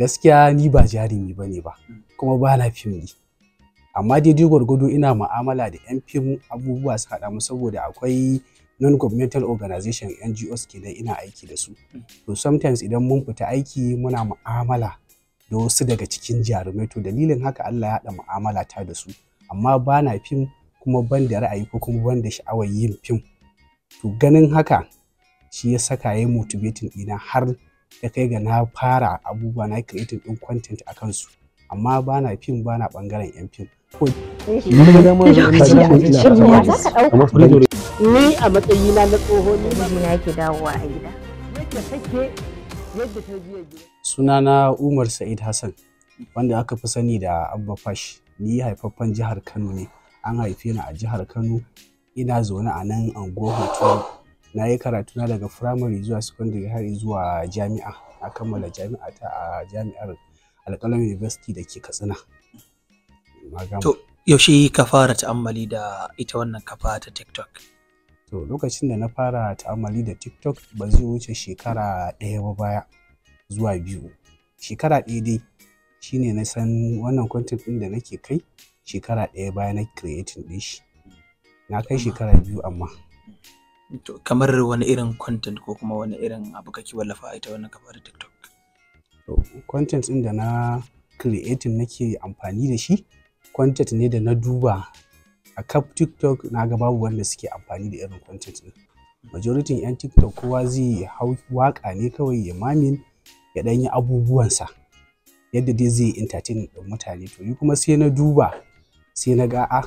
gaskiya ni ba jarumi ba ne ba kuma ba na fim ne amma daidai gwargwado ina ma'amala da yan fim abubuwa su haɗa mu saboda akwai non-governmental organization ngos da ina aiki da su to sometimes idan mun fita aiki muna ma'amala da wasu daga cikin jarumai to dalilin haka allah ya haɗa mu'amala ta da su amma ba na fim kuma ban da ra'ayi ko kuma ban da sha'awar yin fim to ganin haka shi ya saka ya motivating ɗina har ta kai ga na fara abubuwa na creating din content a kansu amma ba na fim ba na bangaren yan fim ni a matsayina na tsoho ne na yake dawowa a gida Suna na umar sa'id hassan wanda aka fi sani da abba fash ni haifaffen jihar kano ne an haife ni a jihar kano ina zaune a nan anguwar hoto na yi karatuna daga firamare zuwa secondary har zuwa jami'a na kammala jami'a ta a jami'ar alƙalam university da ke katsina to yaushe ka fara ta'ammali da ita wannan kafa ta tiktok to lokacin da na fara ta'ammali da tiktok ba zai wuce shekara ɗaya ba baya zuwa biyu shekara ɗaya dai shine na san wannan content ɗin da nake kai shekara ɗaya baya na creating ɗin shi na kai shekara biyu amma kamar wani irin content ko kuma wani irin abu kake wallafa a ita wannan kafar TikTok? Content ɗin da na creating nake amfani da shi, content ne da na duba a kaf TikTok na ga babu wanda suke amfani da irin content ɗin. Majority 'yan TikTok kowa zai hau waka ne kawai ya mamin ya ɗan yi abubuwansa yadda dai zai entertain mutane to ni kuma sai na duba sai na ga ah,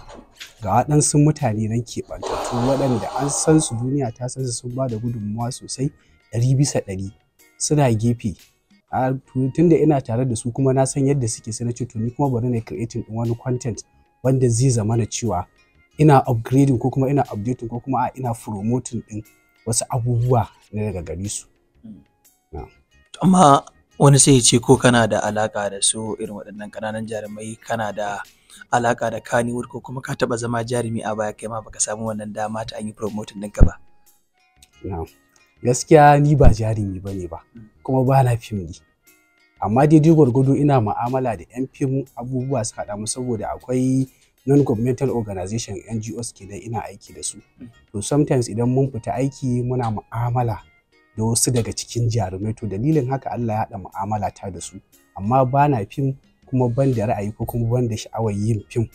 ga waɗansu mutane nan ɓantattu waɗanda an san su duniya ta san su sun ba da gudunmawa sosai ɗari bisa ɗari suna gefe tun da ina tare da su kuma na san yadda suke sai na ce to kuma bari na creating ɗin wani content wanda zai zama na cewa ina upgrading ko kuma ina updating ko kuma ah, ina promoting ɗin wasu abubuwa na daga gare su. Hmm. Amma wani sai ya ce ko kana da alaka da su irin waɗannan ƙananan jarumai kana da alaka da Kannywood ko kuma ka taɓa zama jarumi a baya kai ma baka samu wannan dama ta an yi promotin ɗinka ba. Gaskiya ni ba jarumi ba ne ba, hmm. kuma ba na fim ne. Amma daidai gwargwado ina ma'amala da 'yan fim abubuwa su haɗa mu saboda akwai non-governmental organization NGOs kenan ina aiki da su. Hmm. To sometimes idan mun fita aiki muna mu'amala da wasu daga cikin jarumai to dalilin haka Allah ya haɗa mu'amala ta da su amma ba na fim kuma ban da ra'ayi ko kuma ban da sha'awar yin fim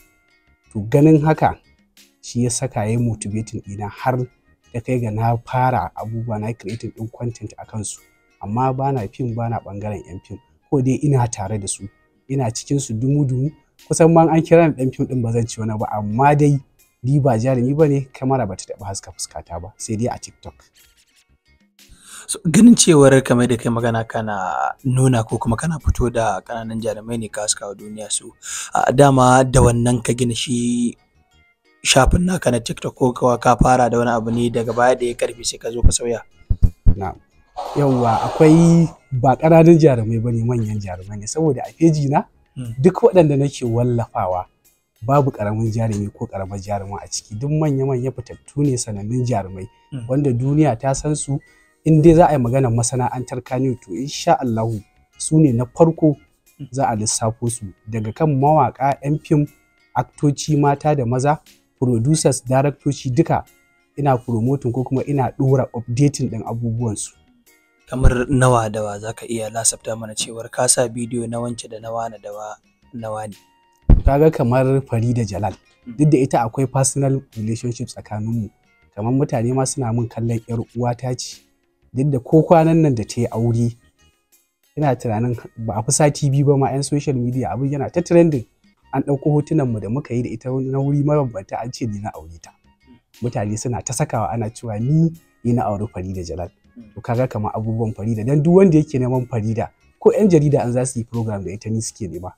to ganin haka shi ya saka ya motivating ina har ya kai ga na fara abubuwa na creating ɗin content a kansu amma ba na fim ba na ɓangaren yan fim ko dai ina tare da su ina cikin su dumu-dumu kusan ma an kira ni ɗan fim ɗin ba zan ci wani ba amma dai ni ba jarumi ba ne kamara ba ta taɓa haska fuskata ba sai dai a tiktok So, ganin cewar kamar da kai magana kana nuna ko kuma kana fito da kananan jarumai ne ka suka duniya su a dama da wannan ka gina shi shafin naka na TikTok ko kawa ka fara da wani abu ne daga baya da ya karfi sai ka zo ka sauya. yauwa Yawwa akwai ba kananan jarumai ba ne manyan jarumai ne saboda a feji na hmm. duk waɗanda nake wallafawa babu karamin jarumi ko karamar jarumi a ciki duk manya-manya fitattu ne sanannun jarumai hmm. wanda duniya ta san su in dai za a yi maganar masana'antar kaniyu to insha Allahu su ne na farko za a lissafo su daga kan mawaƙa 'yan fim aktoci mata da maza producers daraktoci duka ina promoting ko kuma ina ɗora updating ɗin abubuwansu. kamar nawa dawa za ka iya lasafta mana cewar ka sa bidiyo na wance da nawa na dawa nawa ne kaga kamar Farida Jalal hmm. duk da ita akwai personal relationship mu kamar mutane ma suna min kallon 'yar uwata ce yadda ko kwanan nan da ta yi aure ina tunanin ba a fi sati biyu ba ma 'yan social media abin yana ta trending an ɗauko hotunan mu da muka yi da ita na wuri mabambanta an ce ni na aure ta mutane suna ta sakawa ana cewa ni ni na aure Farida Jalal to kaga kamar abubuwan Farida dan duk wanda yake neman Farida ko 'yan jarida an za su yi program da ita ni suke nema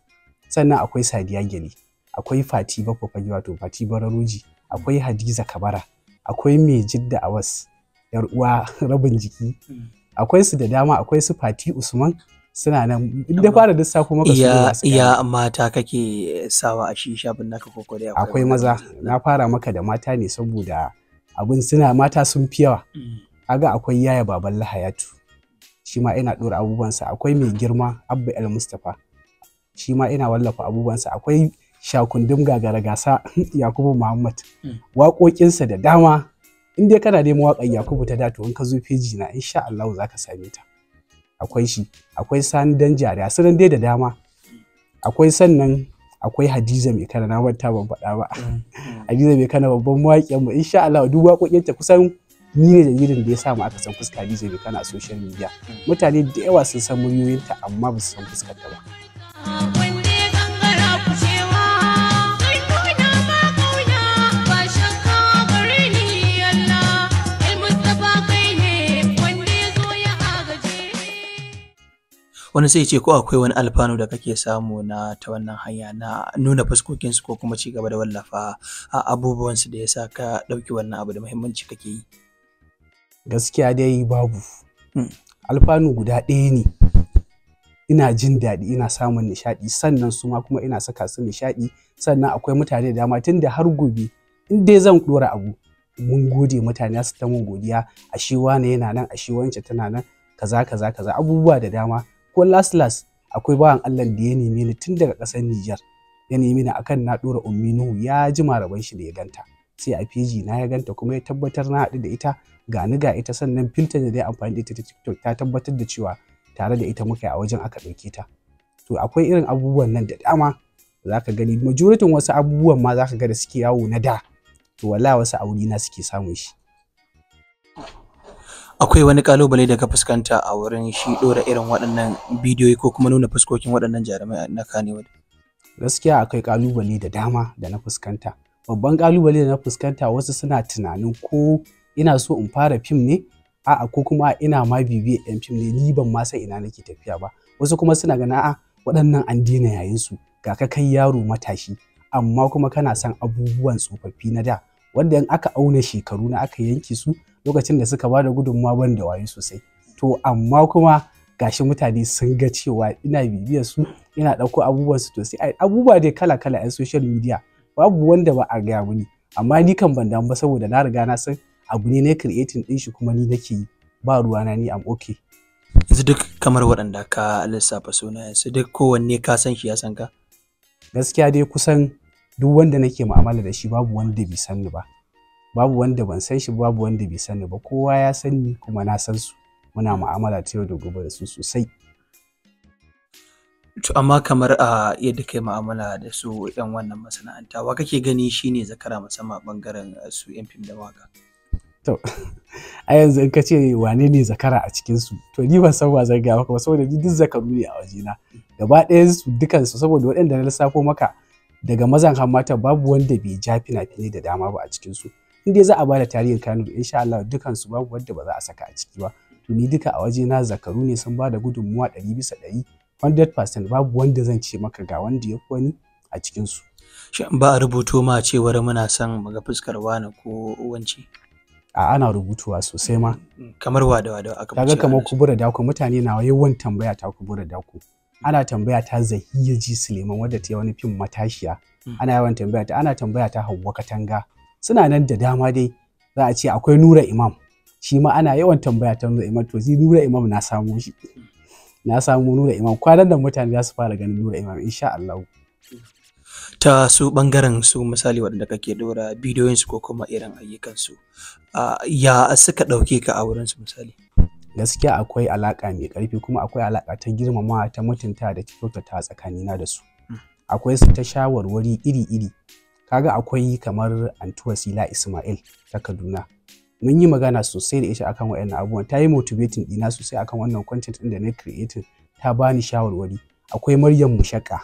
sannan akwai Sadiya Gele akwai Fati Bakwa wato Fati Bararoji akwai Hadiza Kabara akwai Mai Jidda Awas yar uwa rabin jiki hmm. akwai su da dama akwai su fati usman suna nan inda fara lissafo maka iya iya mata kake sawa a shisha bin naka koko da akwai maza na fara maka da mata ne saboda abin suna mata sun fi yawa hmm. kaga akwai yaya baban lahayatu shi ma ina dora abubuwansa akwai mai girma abba el mustafa shi ma ina wallafa abubuwansa akwai shakundum gagara gasa yakubu muhammad hmm. waƙoƙinsa da dama in dai kana neman waƙar Yakubu ta dato in ka zo feji na insha Allah za ka same ta akwai shi akwai sani dan jariya sunan dai da dama akwai sannan akwai Hadiza mai kana na wata ban faɗa ba mm-hmm. Hadiza mai kana babban mawaƙiyar mu insha Allah duk waƙoƙin ta kusan ni ne da dalilin da ya sa mu aka san fuska Hadiza mai kana a social media mm. mutane da yawa sun san muryoyinta amma ba su san fuskar ta ba wani sai ce ko akwai wani alfanu da kake samu na ta wannan hanya na nuna fuskokinsu ko kuma ci gaba da wallafa a abubuwansu da ya sa ka ɗauki wannan abu da muhimmanci kake yi gaskiya dai babu hmm. alfanu guda ɗaya ne ina jin daɗi ina samun nishaɗi sannan su ma kuma ina saka su nishaɗi sannan akwai mutane da dama tun da har gobe in dai zan ɗora abu mun gode mutane su ta mun godiya shi wane yana nan shi wance tana nan kaza kaza kaza abubuwa da dama ko Las Las akwai bawan Allah da ya neme ni tun daga ƙasar Nijar ya nemi ni akan na ɗora ummi Nuhu ya ji maraban shi da ya ganta sai a feji na ya ganta kuma ya tabbatar na haɗu da ita ga ni ga ita sannan filta da dai amfani da ita ta TikTok ta tabbatar da cewa tare da ita muka a wajen aka ɗauke ta to akwai irin abubuwan nan da dama za ka gani majoritin wasu abubuwan ma za ka ga da suke yawo na da to wallahi wasu auri na suke samun shi akwai wani kalubale da ka fuskanta a wurin shi ɗora irin waɗannan bidiyoyi ko kuma nuna fuskokin waɗannan jarumai na kanewa Gaskiya akwai kalubale da dama da na fuskanta. Babban kalubale da na fuskanta wasu suna tunanin ko ina so in fara fim ne a'a ko kuma ina ma bibiya yan fim ne ni ban ma san ina nake tafiya ba. Wasu kuma suna gana na'a? waɗannan an dina yayin su ga ka kai yaro matashi amma kuma kana son abubuwan tsofaffi na da wanda in aka auna shekaru na aka yanke su lokacin da suka bada gudunmawa ban da wayo sosai to amma kuma gashi mutane sun ga cewa ina bibiyar su ina ɗauko abubuwan su to sai abubuwa dai kala kala a social media babu wanda ba a gaya muni amma ni kan ban damu ba saboda na riga na san abu ne na creating din shi kuma ni nake yi ba ruwana ni am okay yanzu duk kamar waɗanda ka lissafa sunayen yanzu duk kowanne ka san shi ya san ka gaskiya dai kusan duk wanda nake mu'amala da shi babu wanda bai san ba babu wanda ban san shi babu wanda bai sani ba kowa ya san ni kuma na san su muna mu'amala ta yau da gobe da su sosai to amma kamar a yadda kai mu'amala da su yan wannan masana'anta wa kake gani shine zakara musamman bangaren eh, su yan fim da waka to a yanzu in ka ce wane ne zakara a cikin su to ni ban san wa zan ga maka ba saboda ni duk zakaru ne a wajena gaba ɗayan su dukan su saboda waɗanda na lissafo maka daga mazan har babu wanda bai ja fina-finai da dama ba a cikin su in dai za a bada tarihin Kano insha Allah dukan su babu wanda ba za a saka a ciki ba to ni duka a waje na zakaru ne sun bada gudunmuwa 100 bisa 100 100% babu wanda zan ce maka ga wanda ya kwani a cikin su shin ba a rubuto ma cewar muna son muga fuskar wani ko wanci a ana rubutuwa sosai ma kamar wada wada aka kaga kamar kubura dako mutane na yawan tambaya ta kubura dako ana tambaya ta zahiya ji suleiman wadda ta yi wani fim matashiya hmm. ana yawan tambaya ta ana tambaya ta hauwa katanga suna nan da dama dai za a ce akwai nura imam shi ma ana yawan tambaya ta nura imam to zai nura imam na samu shi na samu nura imam kwanan da mutane za su fara ganin nura imam insha Allah ta su bangaren su misali waɗanda kake dora bidiyoyin su ko kuma irin ayyukan su ya suka ɗauke ka a wurin su misali gaskiya akwai alaka mai karfi kuma akwai alaka ta girmamawa ta mutunta da kyautata tsakanina da su hmm. akwai su ta shawarwari iri-iri kaga akwai kamar Antuwa wasila ismail ta kaduna mun yi magana sosai da ita akan wayannan abubuwan ta yi motivating ɗina sosai akan wannan content din da na creating ta bani shawarwari akwai maryam mushaka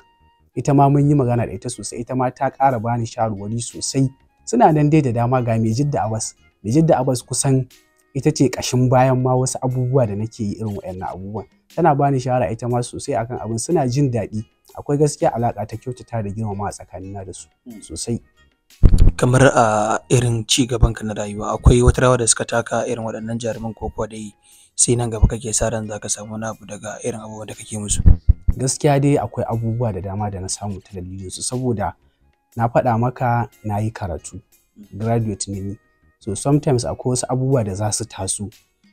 ita ma mun yi magana da ita sosai ita ma ta ƙara bani shawarwari sosai suna nan dai da dama ga mai jidda abbas mai jidda abbas kusan ita ce ƙashin bayan ma wasu abubuwa da nake yi irin wayannan abubuwan tana bani shawara ita ma sosai akan abin suna jin daɗi akwai gaskiya alaƙa ta kyautata da girmama a tsakanina da su hmm. sosai kamar a irin ci gaban ka na rayuwa akwai wata rawa da suka taka irin waɗannan jaruman ko kuwa dai sai nan gaba kake sa ran zaka samu wani abu daga irin abubuwan da kake musu gaskiya dai akwai abubuwa da dama da na samu ta su saboda na faɗa maka na yi karatu hmm. graduate ne ni so sometimes akwai wasu abubuwa da za su taso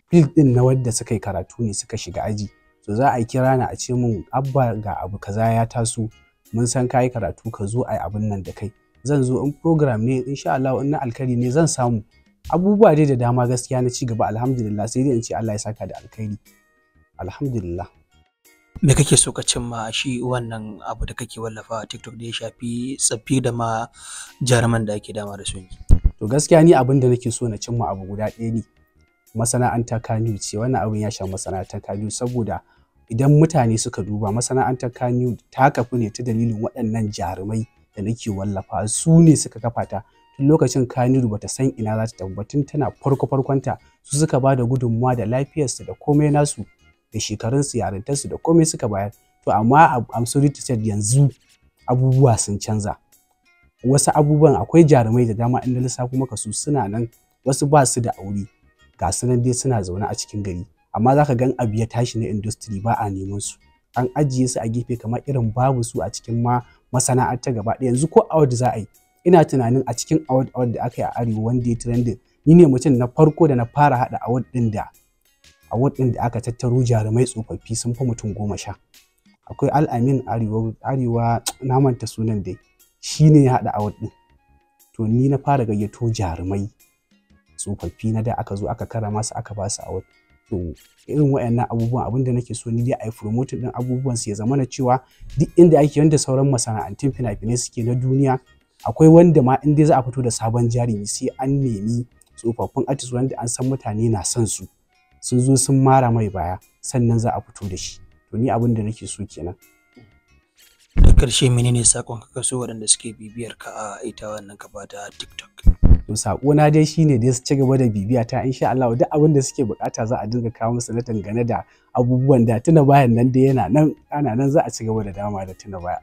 field din na wadda suka yi karatu ne suka shiga aji To za a kira ni a ce min abba ga abu kaza ya taso mun san kayi karatu ka zo a abin nan da kai zan zo in program ne insha Allah in na alkhairi ne zan samu abubuwa dai da dama gaskiya na ci gaba alhamdulillah sai dai in ce Allah ya saka da alkhairi alhamdulillah me kake so ka cimma shi wannan abu da kake wallafa a TikTok da ya shafi tsaffi da ma jaruman da ake dama da su to gaskiya ni abin da nake so na cimma abu guda ɗaya ne masana'anta Kano ce wannan abin ya sha masana'anta Kano saboda idan mutane suka duba masana'antar Kannywood ta kafu ne ta dalilin waɗannan jarumai da nake wallafa su ne suka kafa ta tun lokacin Kannywood bata san ina za ta tabbatun tana farko farkonta su suka ba da gudunmawa da lafiyarsu da komai nasu da shekarunsu yarintarsu da komai suka bayar to amma a sorry to yanzu abubuwa sun canza wasu abubuwan akwai jarumai da dama inda lissafi maka su suna nan wasu ba su da aure ga su dai suna zaune a cikin gari amma za ka gan abu ya tashi na industry ba a neman su an ajiye su a gefe kamar irin babu su a cikin ma masana'anta gaba ɗaya yanzu ko award za a yi ina tunanin a cikin award award da aka yi a arewa wanda ya trending ni ne mutum na farko da na fara haɗa award ɗin da award ɗin da aka tattaro jarumai tsofaffi sun fi mutum goma sha akwai al'amin arewa arewa na sunan dai shi ne ya haɗa award ɗin to ni na fara gayyato jarumai tsofaffi na da aka zo aka kara masu aka ba su award to irin wayannan abubuwan abinda nake so ni dai ai yi promoting din abubuwan su ya zama na cewa duk inda ake wanda sauran masana'antun fina-finai suke na duniya akwai wanda ma in dai za a fito da sabon jarumi sai an nemi tsofaffin artist wanda an san mutane na son su sun zo sun mara mai baya sannan za a fito da shi to ni abin da nake so kenan da karshe menene sakon ka so waɗanda suke bibiyar ka a ita wannan gaba da tiktok to sako na dai shine dai su ci gaba da bibiya ta insha Allah duk abin da suke bukata za a dinga kawo musu na dangane da abubuwan da tuna bayan nan da yana nan ana nan za a ci gaba da dama da tuna baya